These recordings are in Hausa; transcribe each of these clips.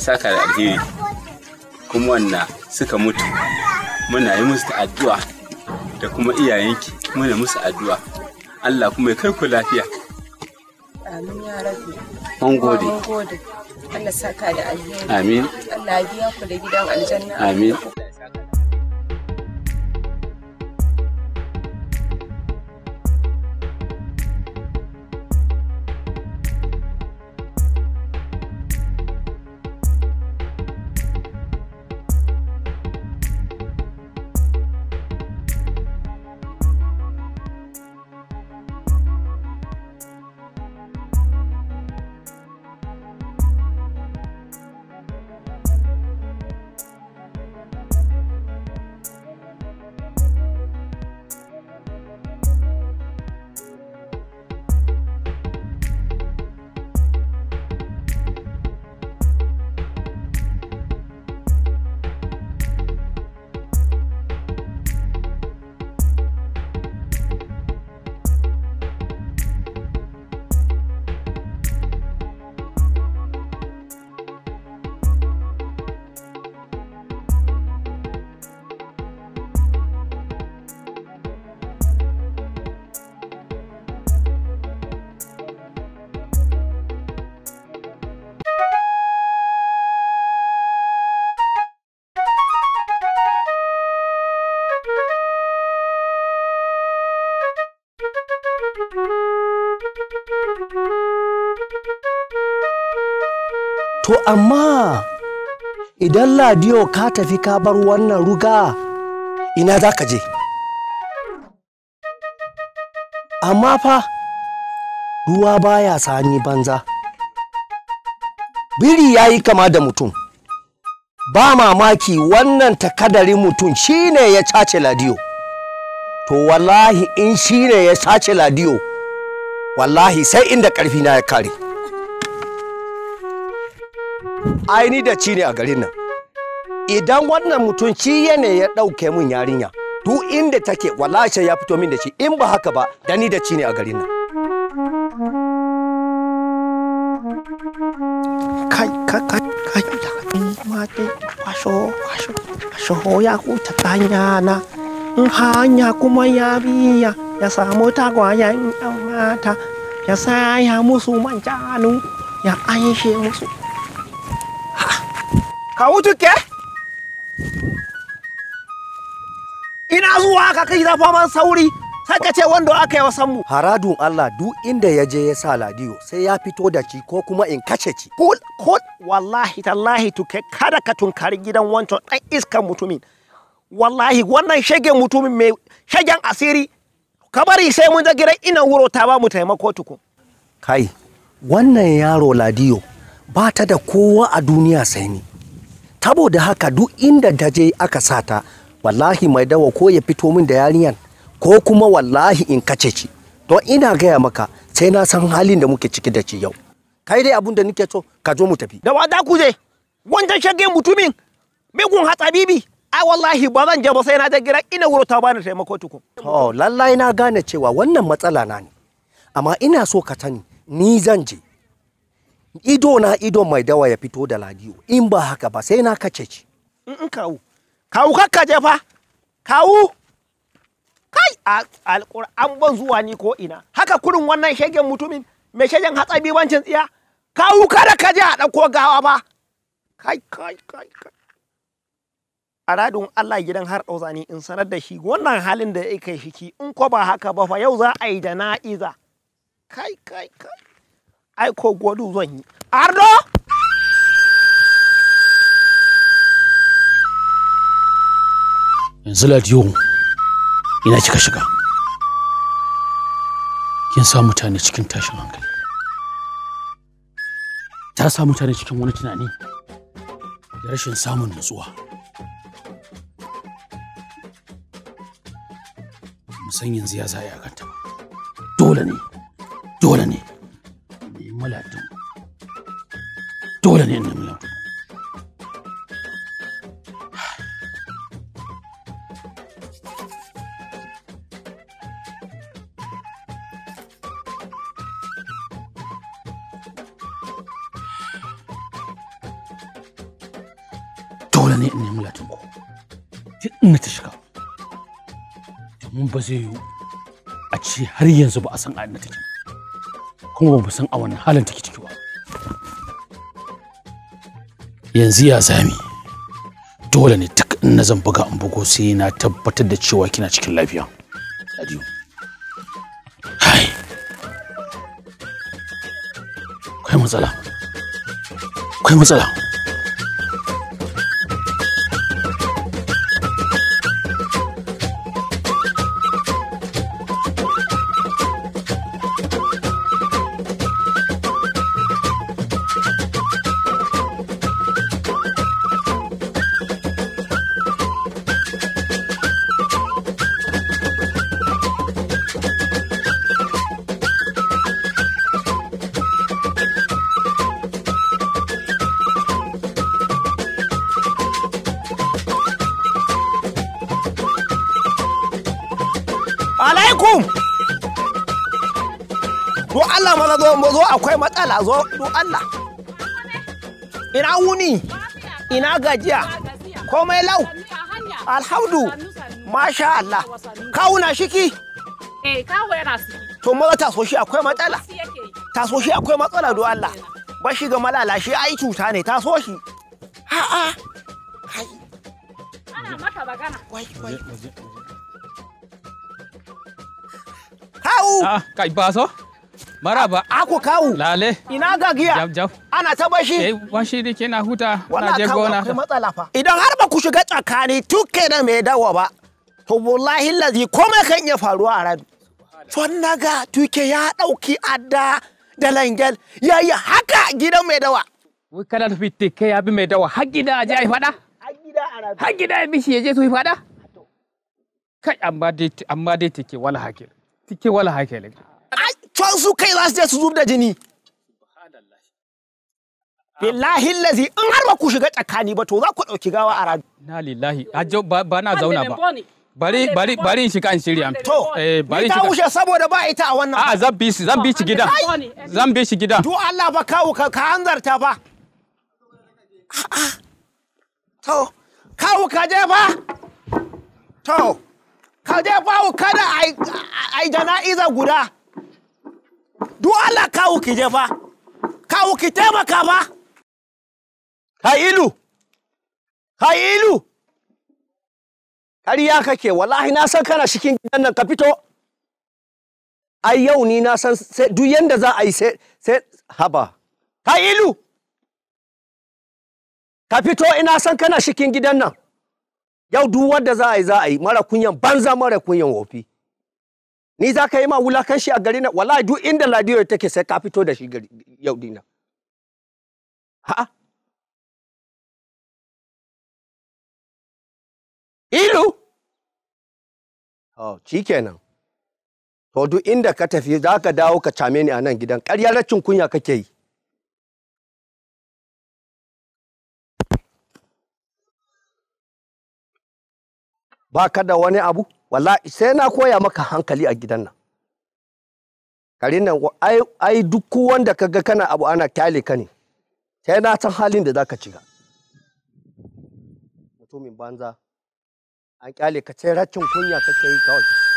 saka da alheri kuma wannan suka mutu muna yi musu addu'a da kuma iyayenki muna musu addu'a Allah kuma ya kai ku lafiya amin ya rabi mun gode mun gode Allah saka da alheri amin Allah ya biya ku da gidan aljanna amin To amma idan ladiyo ka tafi ka bar wannan ruga ina za ka je. Amma fa ruwa baya sani banza. Biri ya yi kama da mutum. Ba mamaki wannan takadarin mutum shi ne ya cace ladiyo. to wallahi in shine ya sace ladiyo wallahi sai inda ƙarfi na ya kare aini da ci ne a garin nan idan wannan mutum shi yane ya ɗauke mun yarinya duk inda take wallahi ya fito min da shi in ba haka ba da ni da ci ne a garin nan kai kai kai ya ma dai ya na hanya kuma ya biya ya samu tagwayen yan mata ya saya musu manjanu ya aishe musu Ka wutu ke? ina zuwa ka kai zafa man sauri sai ka ce wanda aka yi wa sanmu haradun Allah duk inda ya je ya sa ladiyo sai ya fito da ci ko kuma in kace ci kul kul wallahi tallahi tuke kada ka tunkari gidan wancan dan iskan mutumin wallahi wannan shagen mutumin mai shagen asiri kabari sai mun je gidan ina wuro ta ba mu taimako tuku kai wannan yaro ladiyo ba ta da kowa a duniya sai ni tabo da haka duk inda ta je aka sata wallahi mai dawa ko ya fito min da yarinyar ko kuma wallahi in kace ci don ina gaya maka sai na san halin da muke ciki da ci yau kai dai abun da nake so ka zo mu tafi da wada ku je wanda shage mutumin migun hatsabibi ai wallahi ba zan je ba sai na je gida ina wuro ta bani taimako tukun to lallai na gane cewa wannan matsala na ne amma ina so ka tani ni zan je ido na ido mai dawa ya fito da ladiyo in ba haka ba sai na kace ci in kawo. Kawo kakka je fa Kawo. kai alƙur'an ban zuwa ni ko ina haka kurin wannan shegen mutumin mai shegen hatsabi wancin tsiya Kawo kada ka je a ɗauko gawa ba kai kai kai kai a aradun Allah gidan har ɗauzani in sanar da shi wannan halin da ya kai shiki in ko ba haka ba fa yau za a yi da na'iza kai kai kai ai ko godu zan yi ardo yanzu ladiyo ina kika shiga kin sa mutane cikin tashin hankali ta sa mutane cikin wani tunani da rashin samun nutsuwa san yanzu ya za a kanta ba dole ne dole ne ce har yanzu ba a san ayan take kuma ba mu san a wani halin take ciki ba yanzu ya zami dole ne duk in na zan buga an bugo sai na tabbatar da cewa kina cikin lafiya adiyo hai kai matsala kai matsala zo zo zo akwai matsala zo du Allah ina wuni ina gajiya komai lau alhamdu masha Allah kawuna shiki eh kawo yana to maza taso shi akwai matsala taso shi akwai matsala do Allah ba shi ga malala shi ai cuta ne taso shi ha a kai ana mata magana wai wai Ah, kai baso? Maraba. Ako kawu. Lale. Ina gagiya. Jab jab. Ana ta bashi. Eh bashi ne ke na huta. Na je gona. Wannan matsala fa. Idan har ba ku shiga tsakani tuke da mai dawa ba. To wallahi lazi komai kan iya faruwa a rabi. To na ga tuke ya ɗauki adda da langel ya yi haka gidan mai dawa. Wai kana tafi tuke ya bi mai dawa har gida a je a yi fada Har gida ya bi shi ya je su yi fada. Kai amma dai tuke wala hakil. Tuke wala hakil. fansu kai za su je su zub da jini billahi lazi in har ba ku shiga tsakani ba to za ku ɗauki gawa a radu na lillahi ajo ba na zauna ba bari bari bari in shiga in shirya to eh bari shiga wuce saboda ba ita a wannan a zan bi shi zan bi shi gida zan bi shi gida to Allah ba kawo ka ka hanzarta ba to kawo ka je ba to ka je ba kada ai ai jana'iza guda duk Allah kawo ki je fa kawo ki taimaka fa ka ilu ƙarya kake wallahi na san kana cikin gidan nan ka fito ai yau ni na san duk yanda za a yi sai haba. ka ilu ka fito ina san kana cikin gidan nan yau duk wadda za a yi za a yi mara kunyan banza mara kunyan wofi ni za ka yi ma wulakanci a gari na wallahi duk inda ladiyo take sai ka fito da shi gari yau dina ha ilu oh kenan to duk inda ka tafi za ka dawo ka came ni a nan gidan ƙarya racin kunya kake yi ba ka da wani abu Wala sai na koya maka hankali a gidan nan karin nan ai ai duk wanda kaga kana abu ana kyale ka ne sai na san halin da zaka ciga. mutumin banza an kyale ka sai raccin kunya kake yi kawai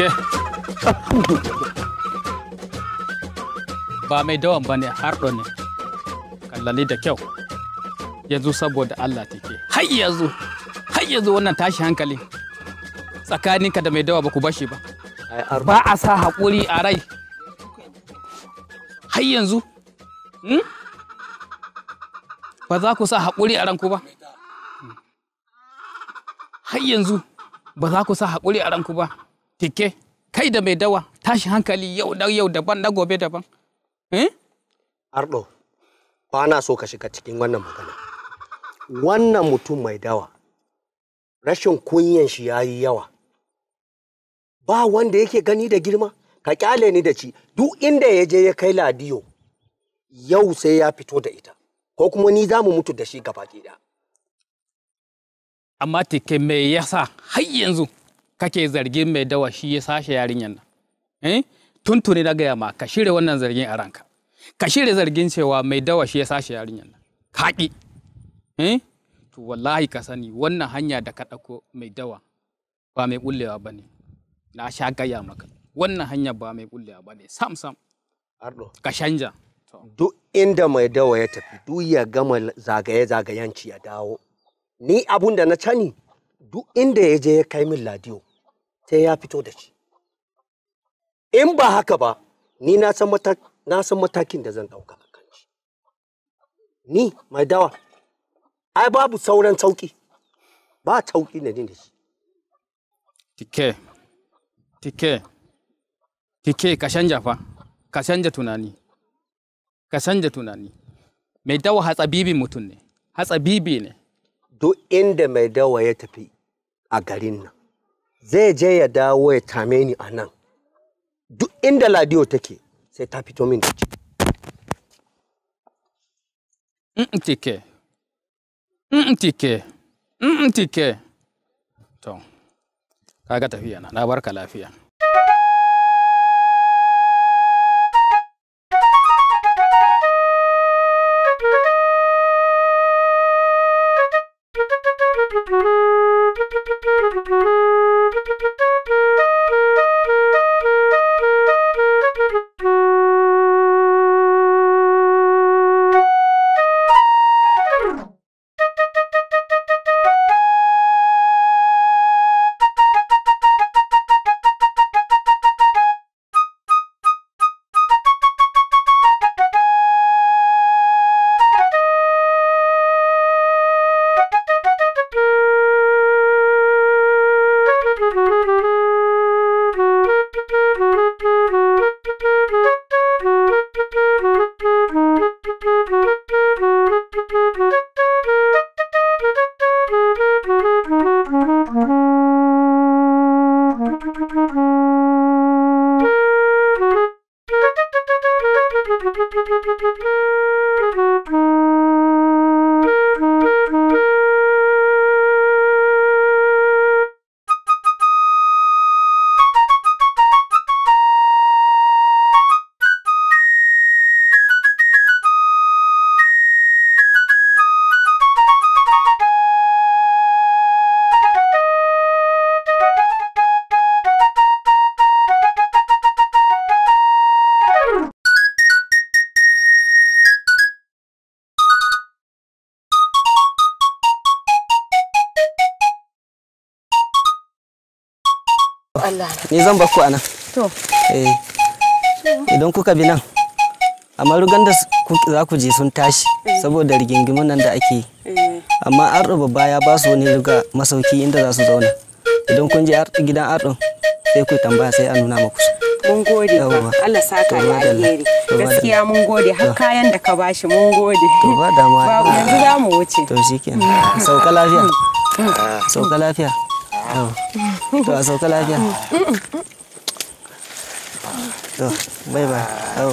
ke ba mai dawan ba ne harɗo ne kallani da kyau yanzu saboda Allah take Hai yanzu Hai yanzu wannan tashi hankali tsakaninka da mai dawa ba ku bashi ba ba a sa haƙuri a rai Hai hmm? yanzu ba za ku sa haƙuri a ranku ba Hai yanzu ba za ku sa haƙuri a ranku ba tike kai da mai dawa tashi hankali yau da yau daban na gobe daban eh? ardo ba na so ka shiga cikin wannan magana wannan mutum mai dawa rashin kunyan shi yayi yawa ba wanda yake gani da girma ka kyale ni da ci duk inda ya je ya kai ladiyo yau sai ya fito da ita ko kuma ni za mu mutu da shi gaba ɗaya amma tike mai yasa har yanzu kake zargin mai dawa shi ya sashe yarinyar nan eh? tuntuni na gaya ma ka shirya wannan zargin a ranka ka shirya zargin cewa mai dawa shi ya sashe yarinyar nan Kaɗi. Eh? to wallahi ka sani wannan hanya da ka ɗauko mai dawa ba mai ƙullewa ba ne na sha gaya maka wannan hanya ba mai ƙullewa ba ne sam sam ka canja duk inda mai dawa ya tafi duk ya gama zagaye ci ya dawo ni abun da na cani duk inda ya je ya kai min ladiyo sai ya fito da shi in ba haka ba ni na san matakin da zan ɗauka a kan shi ni mai dawa ai babu sauran sauki ba sauki na ni da shi tike tike tike ka canja fa ka canja tunani ka canja tunani mai dawa hatsabibin mutum ne hatsabibi ne duk inda mai dawa ya tafi a garin nan zai je ya dawo ya tame ni a nan duk inda ladiyo take sai ta fito min da ciki mm, tike mm, tike mm, to kaga tafiya na na barka lafiya ni zan bakku anan to eh idan kuka bi nan amma rugan da za ku je sun tashi saboda rigingimun nan da ake yi eh. amma arɗo babba ya ba su wani ruga masauki inda za su zauna idan kun je gidan arɗo sai ku tambaya sai a nuna maku su mun gode fa Allah saka da alheri gaskiya mun gode har kayan da ka bashi mun gode to ba dama babu yanzu za mu wuce to shikenan sauka lafiya mm. Mm. sauka lafiya được rồi cái lên nha được bây giờ ừ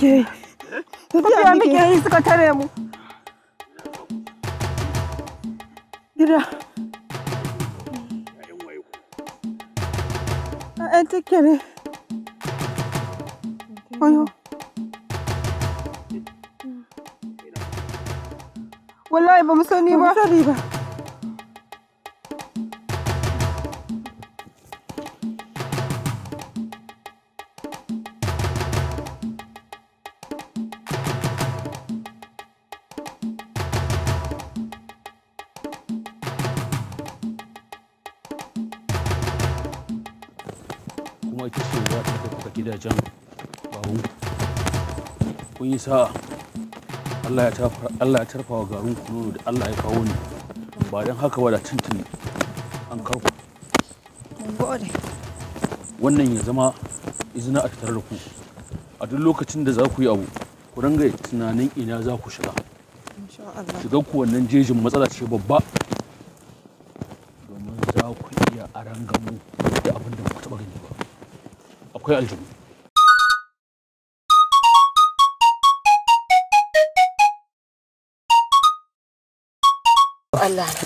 muke yi suka tare mu gida ‘ya'yan ne oyo wallahi ba mu sani ba can bawu kun yi sa'a Allah ya tarfa wa garin kunono da Allah ya kawo ni ba don haka ba da tuntuni an karku wannan ya zama izina a tattare da ku a duk lokacin da za ku yi abu ku ranga tunanin ina za ku shiga shigar ku wannan jejin matsala ce babba domin za ku iya arangamu da abin da ku taɓa gani ba akwai aljanu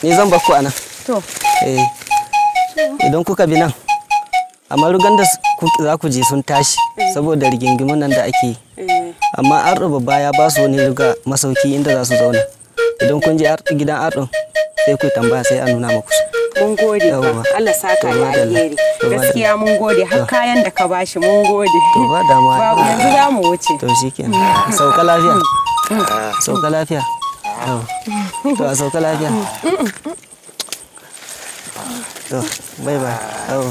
Ni zan bakku a nan. To. Eh. Idan kuka bi nan. Amma rugan da za ku je sun tashi eh. saboda rigingimin nan da ake yi. Eh. Amma arɗo babba ya ba su wani ruga masauki inda za su zauna. Idan kun je gidan arɗo sai ku tambaya sai a nuna maku mun gode ba Allah saka ya alheri gaskiya mun gode har ah. kayan da ka bashi mun gode babu yanzu za mu wuce to shikenan sauka lafiya mm. Mm. sauka lafiya Được rồi, cái lên nha. Được, ừ. bye bye Ừ.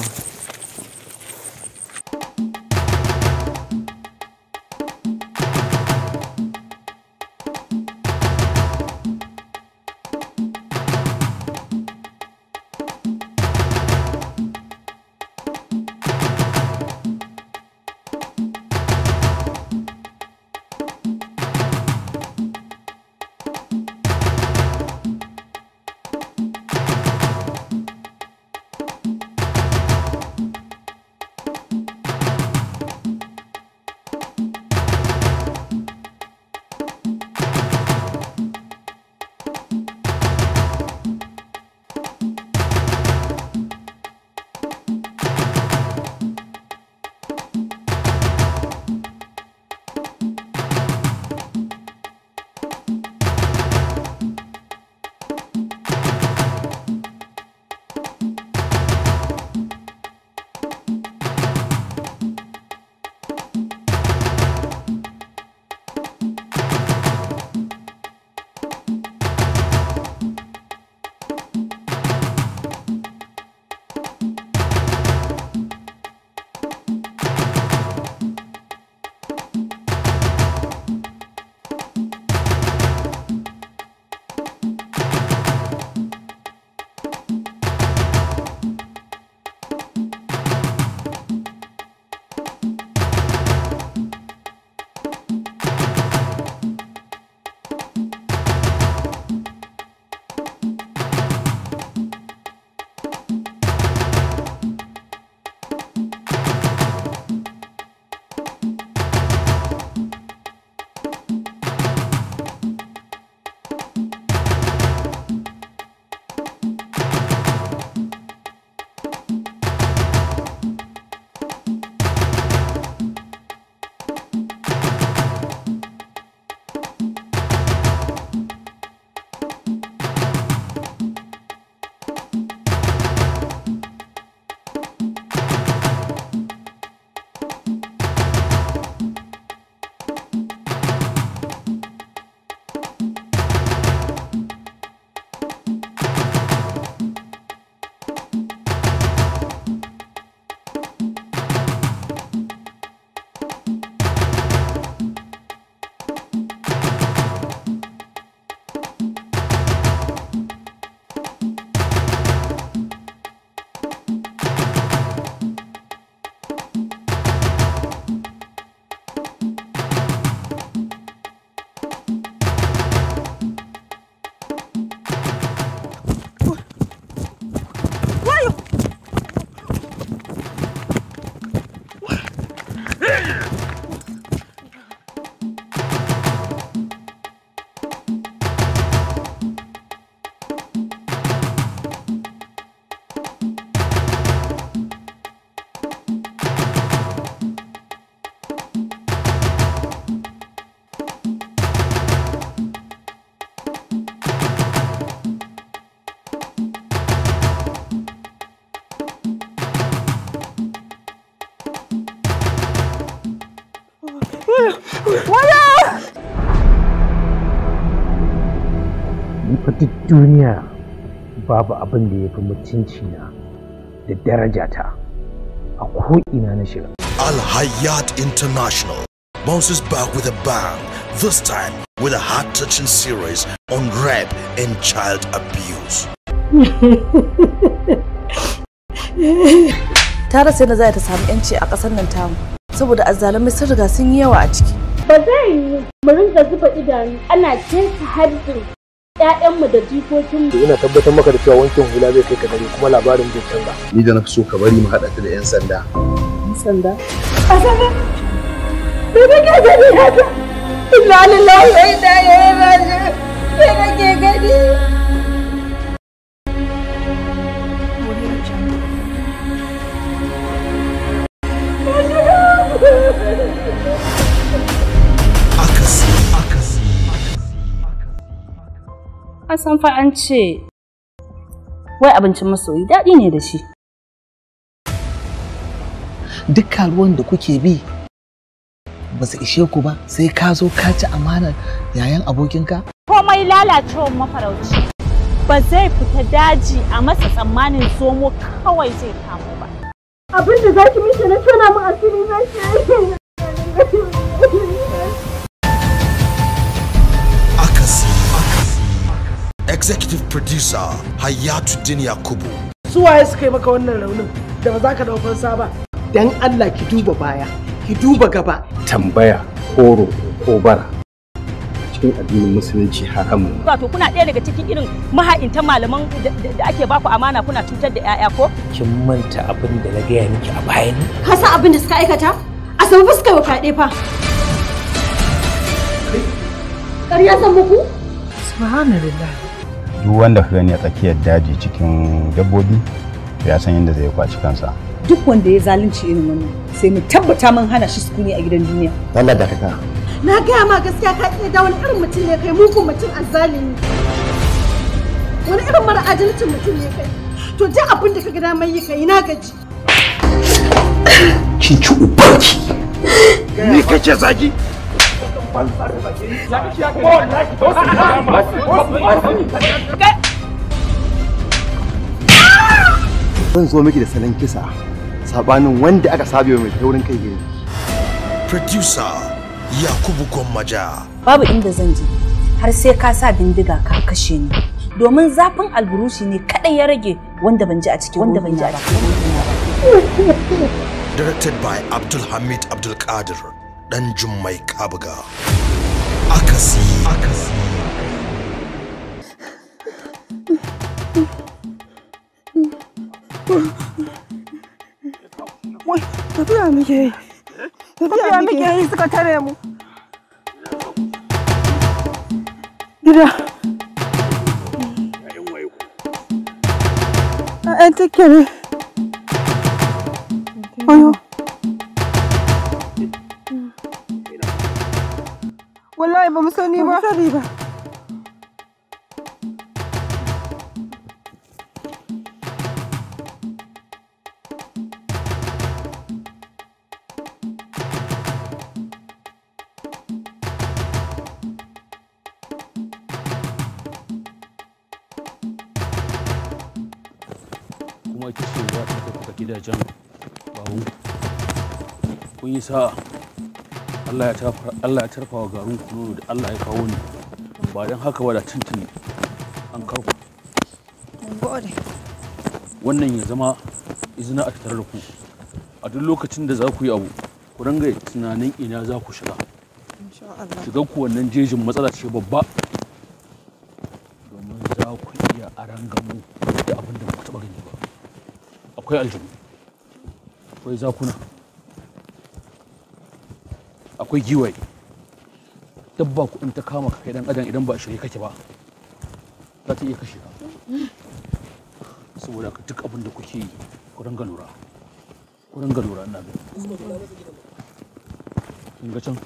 duniya babu abin da ya fi mutunci na da darajata a ko'ina na shiga. Al Hayat International bounces back with a bang, this time with a heart touching series on rape and child abuse. Ta rasa na za ta samu 'yanci a ƙasar nan tamu, saboda azzalumai sun riga sun yi yawa a ciki. Ba zai yi mu rinka zuba idanu ana keta harbin ƴaƴanmu da jikokinmu. Ina tabbatar maka da cewa wankin hula zai kai ka dare kuma labarin zai canza. Ni da na fi so ka bari mu haɗa ta da ƴan sanda. Ƴan sanda? A sanda? Me nake gani haka? Inna lillahi wa inna ilaihi raji'un. Me nake gani? Ka san fa an ce wai abincin masoyi daɗi ne da shi. Duk ruwan da kuke bi ba su ishe ku ba sai ka zo ka ci amanar yayan abokinka? Komai lalacewar mafarauci ba zai fita daji a masa tsammanin zomo kawai zai kamo ba. Abin da za ki mishi na tona mu asiri na shi. executive producer Hayatu hayatuddin yakubu waye suka yi maka wannan raunin da ba za ka daukar sa ba dan allah ki duba baya ki duba gaba tambaya koro ko bara cikin addinin musulunci haramun wato kuna ɗaya daga cikin irin maha'intan malaman da ake baku amana kuna cutar da 'ya'ya ko kin manta abin da na gaya miki a baya ne ka san abin da suka aikata a sabu fuskar fyaɗe fa ƙarya san muku subhanallah duk wanda ka gani a tsakiyar daji cikin dabbobi ya san yadda zai kwaci kansa duk wanda ya zalunci irin wannan sai mu tabbata mun hana shi sukuni a gidan duniya Allah da kaka na ga ma gaskiya ka iya da wani irin mutum ne kai ko mutum azzalimi wani irin mara adalcin mutum ne kai to duk abin da ka gada mai yi kai na gaji kin ci ubanki ni kace zagi zan zo miki da salon kisa sabanin wanda aka sabe mai taurin kai producer yakubu gwammaja babu inda zan je har sai ka sa bindiga ka kashe ni domin zafin alburushi ne kaɗai ya rage wanda ban ji a cikin wanda ban ji a cikin directed by abdulhamid abdulkadir dan jummai kabuga akasi akasi tafiya muke yi tafiya muke yi suka tare mu gida take ne Vai, vamos se unir, Vamos se como é que ce za ta tafi da jan bawu kun Allah ya tarfa wa garin nono da Allah ya kawo ni ba don haka ba da tuntuni an karku wannan ya zama izina a tattare da ku a duk lokacin da za ku yi abu ku ranga tunanin ina za ku shiga shigar ku wannan jejin matsala ce babba domin za ku iya aran gamu da abin da ba ku taɓa gani ba akwai aljanu akwai zakuna akwai giwaye dabba ku in ta kama ka kai dan adam idan ba shirye kake ba za ta iya kashe ka saboda ka duk abin da kuke yi ku ranga lura ku ranga lura ina gani kin ga can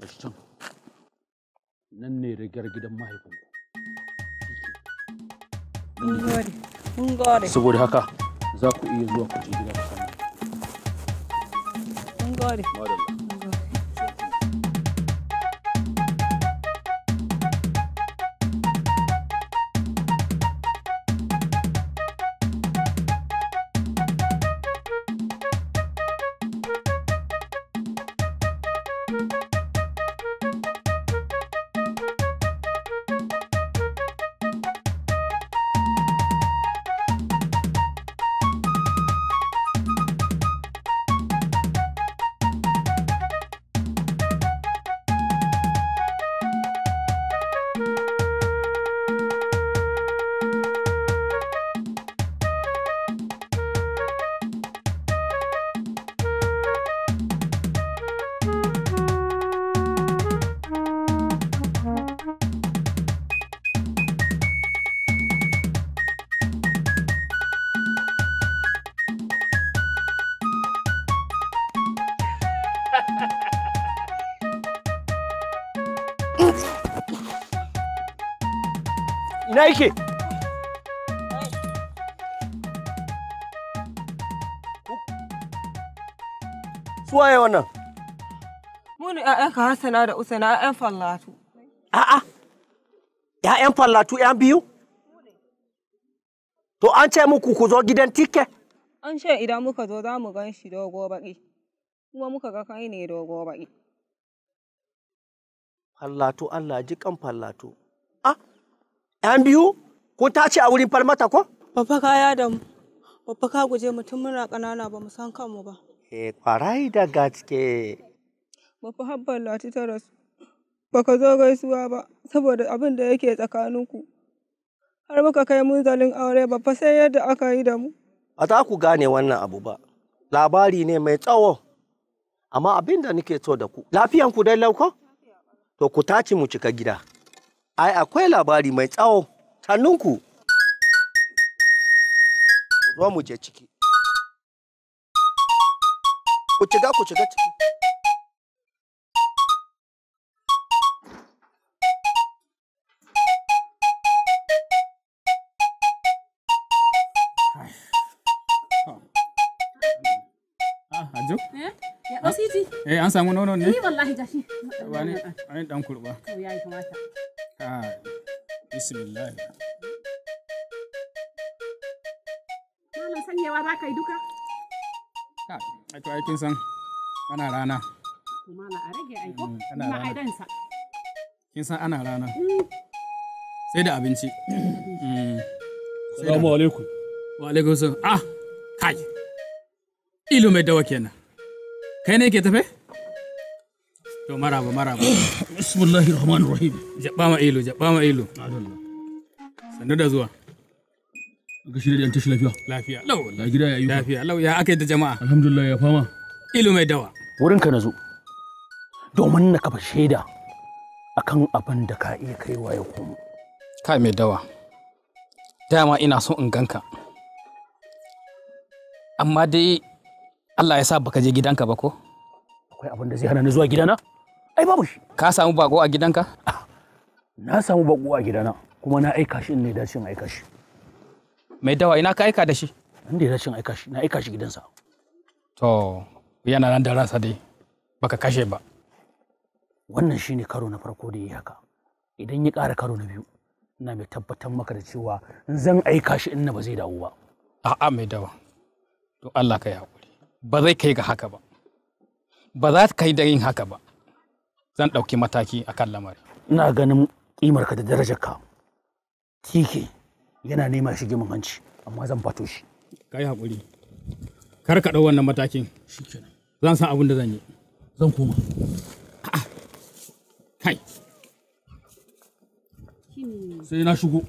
gashi can nan ne rigar gidan mahaifin mahaifinku mun gode mun gode saboda haka za ku iya zuwa ku je gidan bora. ina yake suwaye wannan mu ne ƴaƴanka Hassana da usana ƴaƴan fallatu a'a ƴaƴan fallatu ƴan biyu to an ce muku ku zo gidan tike an ce idan muka zo za mu gan shi dogo baƙi kuma muka ga kai ne dogo baƙi fallatu Allah ji kan fallatu ‘Yan biyu? Ko ta ce a wurin falmata ko? Babba ka ya da Babba ka guje mutum muna ƙanana ba mu san kanmu ba. Eh, kwarai da gaske. Babba habbar lati ta rasu. Ba ka zo gaisuwa ba, saboda abin da yake tsakaninku. Har muka kai munzalin aure babba sai yadda aka yi da mu. Ba za ku gane wannan abu ba. Labari ne mai tsawo. Amma abin da nake so da ku, lafiyanku dai lauko? To ku tace mu cika gida. ai akwai labari mai tsawo hannunku zo mu je ciki ku ciga ku ciga ciki ah, Ajo? Eh, ya ɗau siti? Eh, an samu nono ne? Ni eh, wallahi gashi. Wani, wani ɗan kurɓa. To yayi kamata. Ah, bismillah. Malam sanyewa za ka yi duka? Ka, aiko aikin san ana rana. Kuma na a rage aiko, mm, Kin san ana rana. Mm. Sai da abinci. Mm. Salamu alaikum. Wa alaikum salam. Ah, kai. Ilu mai dawa kenan. Kai ne ke tafe? to maraba maraba bismillahir rahmanir rahim jabba ma ilo jabba ma ilo sannu da zuwa ga shi da tashi lafiya lafiya lau la gida ya yi lafiya lau ya aka da jama'a alhamdulillah ya fama ilo mai dawa wurin ka nazo domin na kafa shaida akan abin da ka iya kaiwa ya komo kai mai dawa dama ina so in ganka amma dai Allah ya sa baka je gidanka ba ko akwai abin da zai hana ni zuwa gidana ai babu shi ka samu bako a gidanka na samu bako a gidana kuma na aika shi ne da shin aika shi mai dawa ina ka aika da shi inda da shin aika shi na aika shi gidansa to yana nan da ransa dai baka kashe ba wannan shi ne karo na farko da yi haka idan ya ƙara karo na biyu ina mai tabbatar maka da cewa zan aika shi inna ba zai dawo ba a'a mai dawa to Allah ka yi hakuri ba zai kai ga haka ba ba za ka yi da yin haka ba zan ɗauki mataki a kan lamari. Ina ganin ƙimarka da darajarka. Kike yana nema shige min hanci, amma zan fato shi. Ka yi haƙuri. Kar ka ɗau wannan matakin. Zan san abin da zan yi. Zan koma. Kai. Sai na shigo.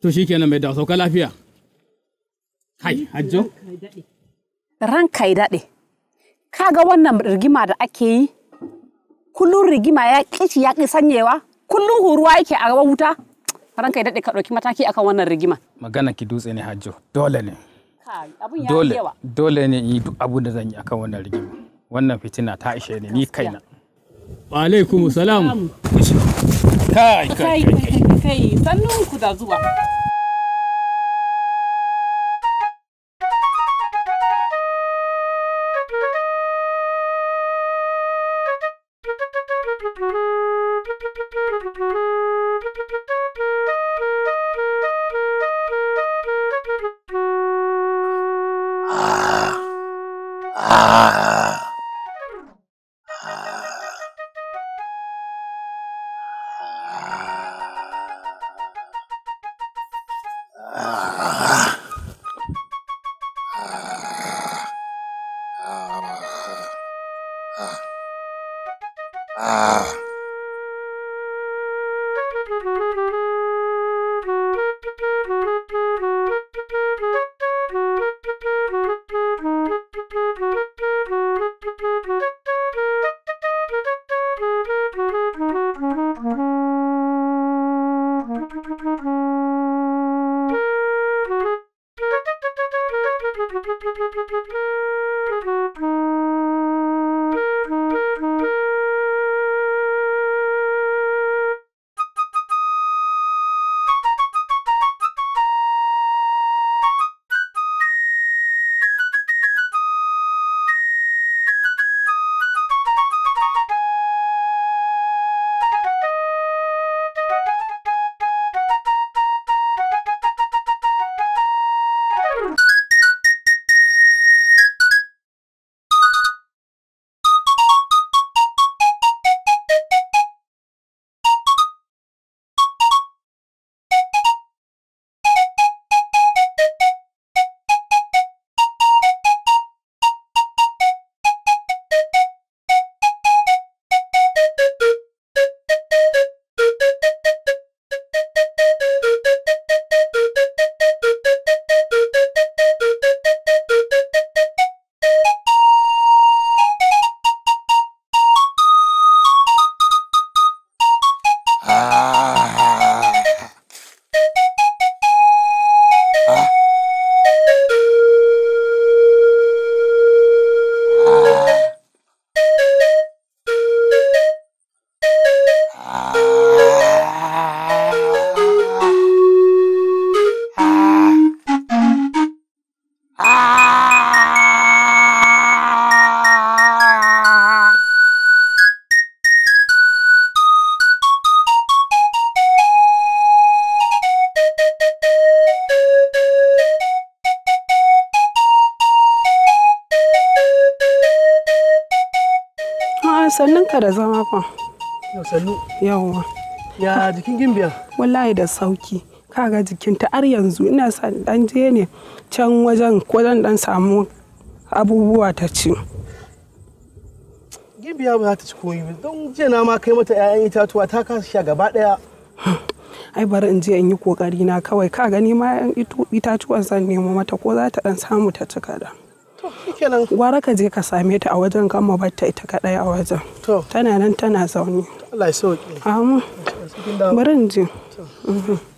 To shi kenan mai da sauka lafiya. Kai, hajjo. Ranka ya daɗe. Ka ga wannan rigima da ake yi kullum rigima ya kici ya ƙi sanyewa kullum huruwa yake a gaban wuta ranka ya daɗe ka ɗauki mataki akan wannan rigima magana ki dutse ne hajjo dole ne dole dole ne yi duk abun da zan yi akan wannan rigima wannan fitina ta ishe ne ni kaina wa alaikum salam kai kai kai sannun ku da zuwa Thank you. barka da zama fa. Yau sannu. Yawwa. Ya jikin gimbiya? Wallahi da sauki. Kaga ta har yanzu ina sa dan je ne can wajen ko dan samu abubuwa ta ci. Gimbiya ba za ta ci ko ba don jiya na ma kai mata 'ya'yan itatuwa ta kasa sha gaba daya. ai bari in je in yi kokari na kawai ka gani ma itatuwan zan nemo mata ko za ta dan samu ta ci kaɗan. gwara ka je ka same ta a wajen kan mu batta ita kadai a wajen tana nan tana zaune Allah ya sauke amma barin ji je mhm.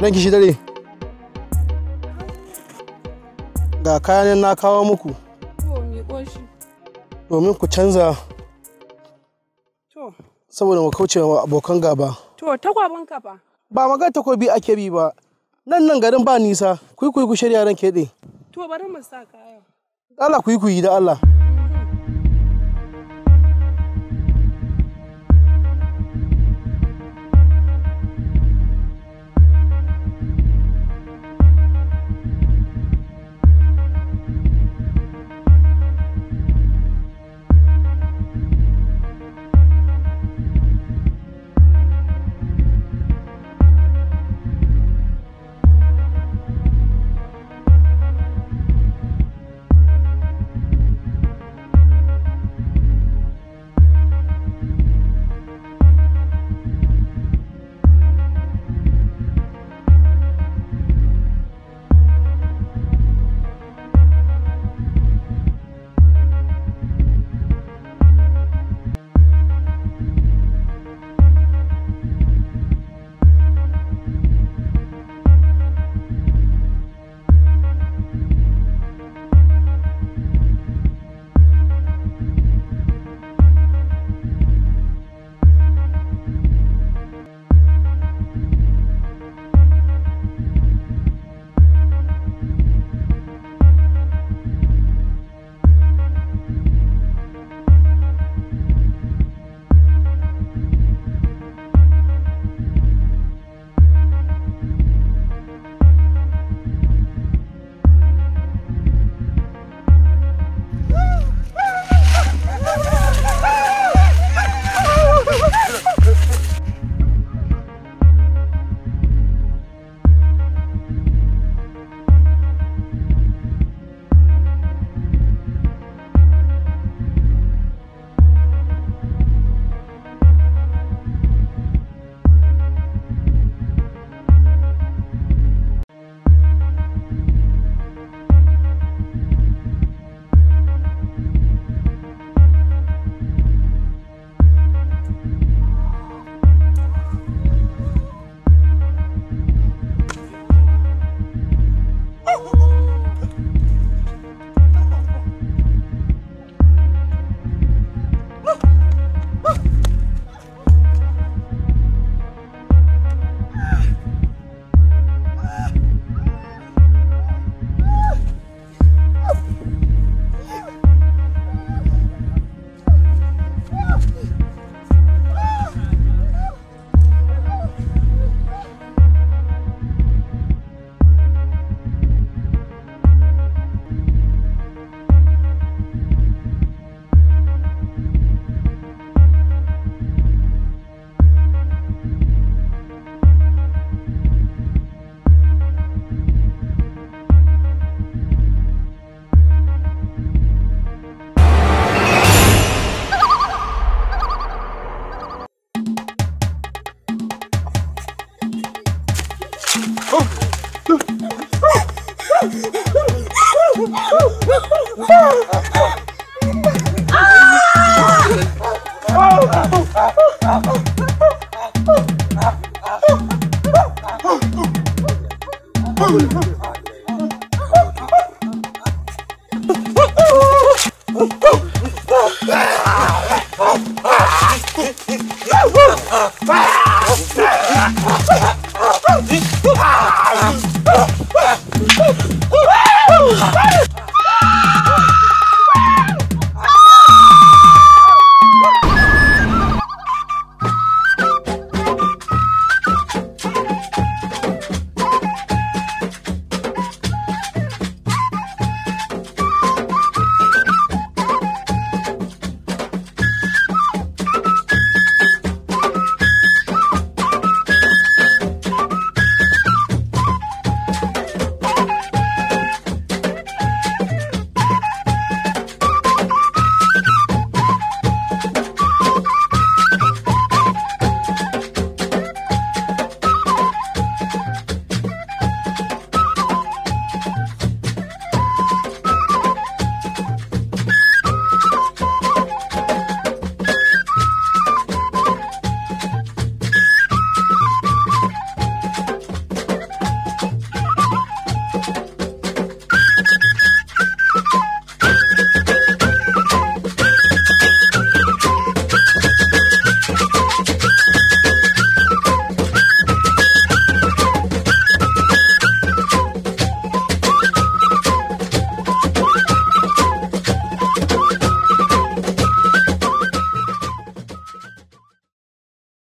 nan kishi dare ga kayan na kawo muku domin ku canza saboda mu wa abokan gaba to takwabin kafa ba magana takobi ake bi ba nan nan garin ba nisa kuyi-kuyi ku shirya ran keɗe to bari mu sa kaya Allah kuikuyi da Allah